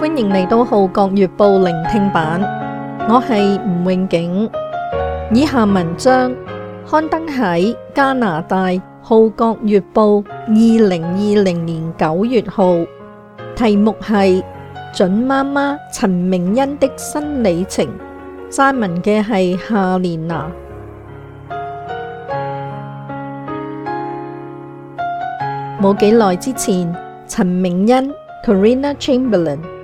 歡迎嚟到《浩國月報》聆聽版，我係吳永景。以下文章刊登喺加拿大《浩國月報》二零二零年九月號，題目係《準媽媽陳明恩的新旅程新里程》，撰文嘅係夏連娜。冇幾耐之前，陳明恩 （Corinna Chamberlain）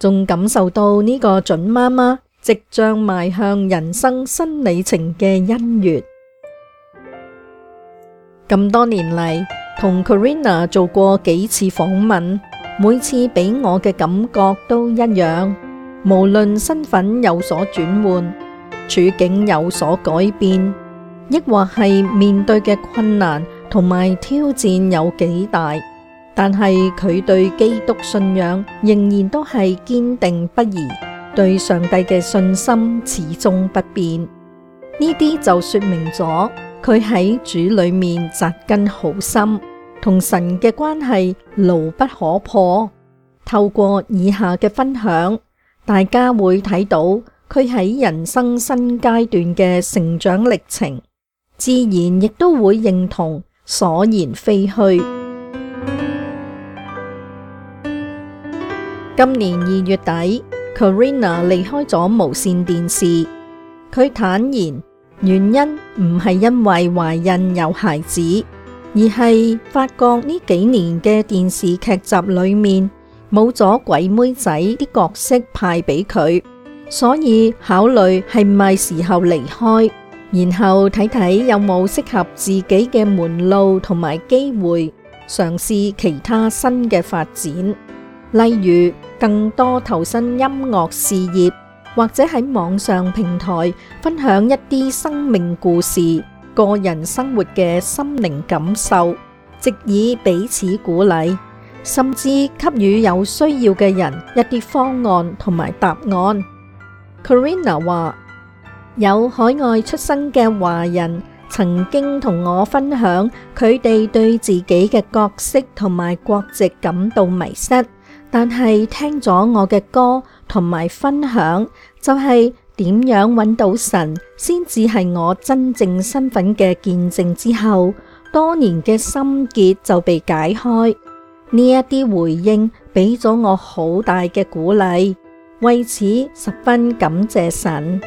仲感受到呢個準媽媽即將邁向人生新里程嘅欣悅。咁多年嚟，同 Corinna 做過幾次訪問，每次俾我嘅感覺都一樣。無論身份有所轉換、處境有所改變，亦或係面對嘅困難同埋挑戰有幾大。但係佢對基督信仰仍然都係堅定不移，對上帝嘅信心始終不變。呢啲，就說明咗佢喺主裏面扎根好深，同神嘅關係牢不可破。透過以下嘅分享，大家會睇到佢喺人生新階段嘅成長歷程，自然亦都會認同所言非虛。今年二月底，Corinna 離開咗無綫電視。佢坦言，原因唔係因為懷孕有孩子，而係發覺呢幾年嘅電視劇集裏面冇咗鬼妹仔啲角色派俾佢，所以考慮係咪時候離開，然後睇睇有冇適合自己嘅門路同埋機會，嘗試其他新嘅發展。例如，更多投身音樂事業，或者喺網上平台分享一啲生命故事、個人生活嘅心靈感受，藉以彼此鼓勵，甚至給予有需要嘅人一啲方案同埋答案。Corinna 話：有海外出生嘅華人曾經同我分享，佢哋對自己嘅角色同埋國籍感到迷失。但係聽咗我嘅歌同埋分享，就係點樣揾到神先至係我真正身份嘅見證之後，多年嘅心結就被解開。呢一啲回應俾咗我好大嘅鼓勵，為此十分感謝神。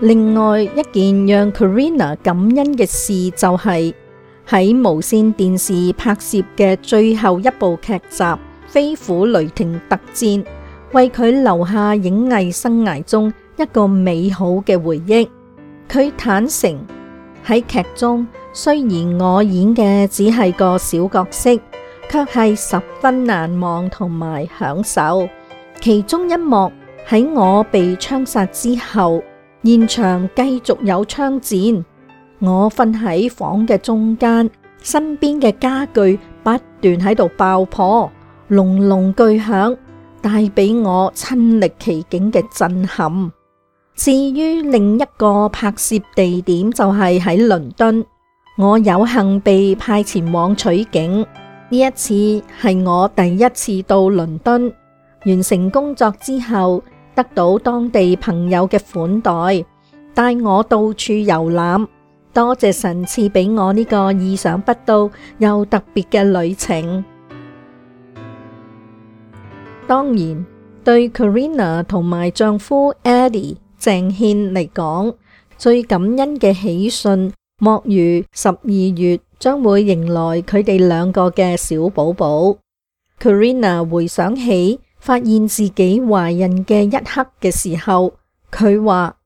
另外一件讓 Corinna 感恩嘅事就係，喺無線電視拍攝嘅最後一部劇集《飛虎雷霆特戰》，為佢留下影藝生涯中一個美好嘅回憶。佢坦承喺劇中，雖然我演嘅只係個小角色，卻係十分難忘同埋享受。其中一幕喺我被槍殺之後，現場繼續有槍戰。我瞓喺房嘅中間，身邊嘅家具不斷喺度爆破，隆隆巨響帶俾我親歷其境嘅震撼。至於另一個拍攝地點就係喺倫敦，我有幸被派前往取景。呢一次係我第一次到倫敦，完成工作之後，得到當地朋友嘅款待，帶我到處遊覽。多謝神賜俾我呢個意想不到又特別嘅旅程。當然，對 Corinna 同埋丈夫 Eddie 鄭憲嚟講，最感恩嘅喜訊莫如十二月將會迎來佢哋兩個嘅小寶寶。Corinna 回想起發現自己懷孕嘅一刻嘅時候，佢話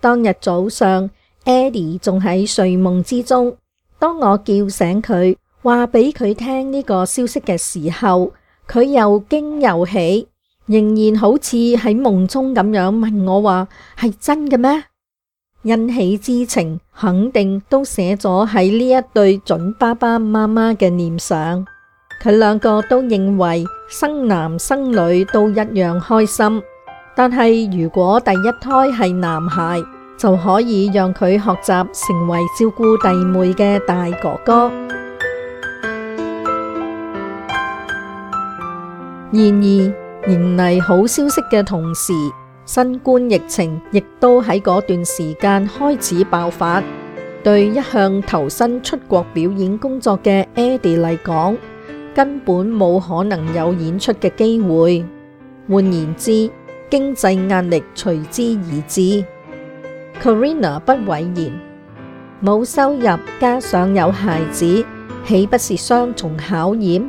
當日早上。Eddie 仲喺睡夢之中，當我叫醒佢，話俾佢聽呢個消息嘅時候，佢又驚又喜，仍然好似喺夢中咁樣問我話係真嘅咩？欣喜之情肯定都寫咗喺呢一對準爸爸媽媽嘅念上。佢兩個都認為生男生女都一樣開心，但係如果第一胎係男孩。就可以讓佢學習成為照顧弟妹嘅大哥哥。然而，迎嚟好消息嘅同時，新冠疫情亦都喺嗰段時間開始爆發，對一向投身出國表演工作嘅 Eddie 嚟講，根本冇可能有演出嘅機會。換言之，經濟壓力隨之而至。Corinna 不諱言，冇收入加上有孩子，豈不是雙重考驗？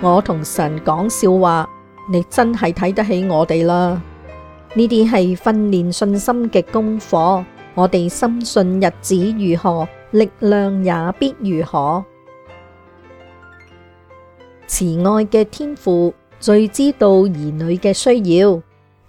我同神講笑話，你真係睇得起我哋啦！呢啲係訓練信心嘅功課，我哋深信日子如何，力量也必如何。慈愛嘅天父最知道兒女嘅需要。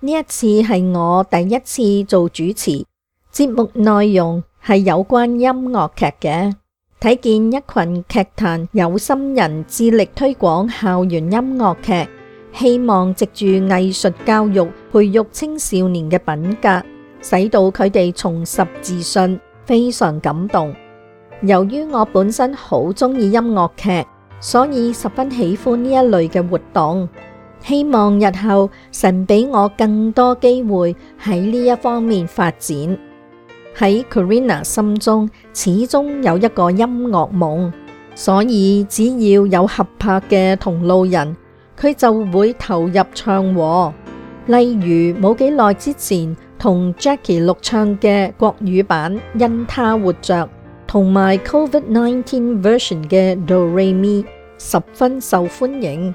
呢一次係我第一次做主持，節目內容係有關音樂劇嘅。睇見一群劇壇有心人致力推廣校園音樂劇，希望藉住藝術教育培育青少年嘅品格，使到佢哋重拾自信，非常感動。由於我本身好中意音樂劇，所以十分喜歡呢一類嘅活動。希望日後神俾我更多機會喺呢一方面發展。喺 Corinna 心中，始終有一個音樂夢，所以只要有合拍嘅同路人，佢就會投入唱和。例如冇幾耐之前同 Jacky 錄唱嘅國語版《因他活着》，同埋 Covid nineteen version 嘅 Do Re Mi 十分受歡迎。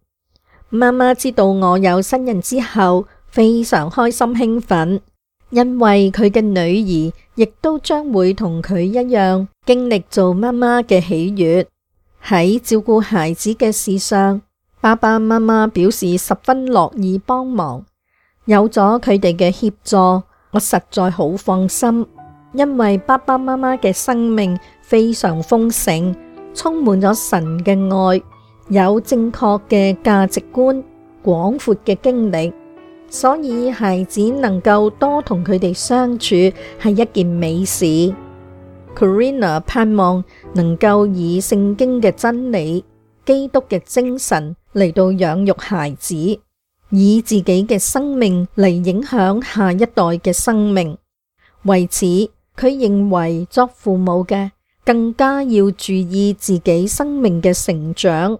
媽媽知道我有新人之後，非常開心興奮，因為佢嘅女兒亦都將會同佢一樣經歷做媽媽嘅喜悅。喺照顧孩子嘅事上，爸爸媽媽表示十分樂意幫忙。有咗佢哋嘅協助，我實在好放心，因為爸爸媽媽嘅生命非常豐盛，充滿咗神嘅愛。有正確嘅價值觀、廣闊嘅經歷，所以孩子能夠多同佢哋相處係一件美事。Corinna 盼望能夠以聖經嘅真理、基督嘅精神嚟到養育孩子，以自己嘅生命嚟影響下一代嘅生命。為此，佢認為作父母嘅更加要注意自己生命嘅成長。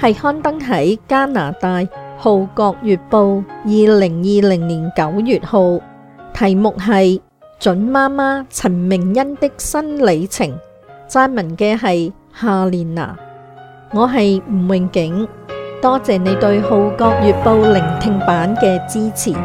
係刊登喺加拿大《號角月報》二零二零年九月號，題目係《準媽媽陳明恩的新里程》，撰文嘅係夏蓮娜。我係吳永景，多謝你對《號角月報》聆聽版嘅支持。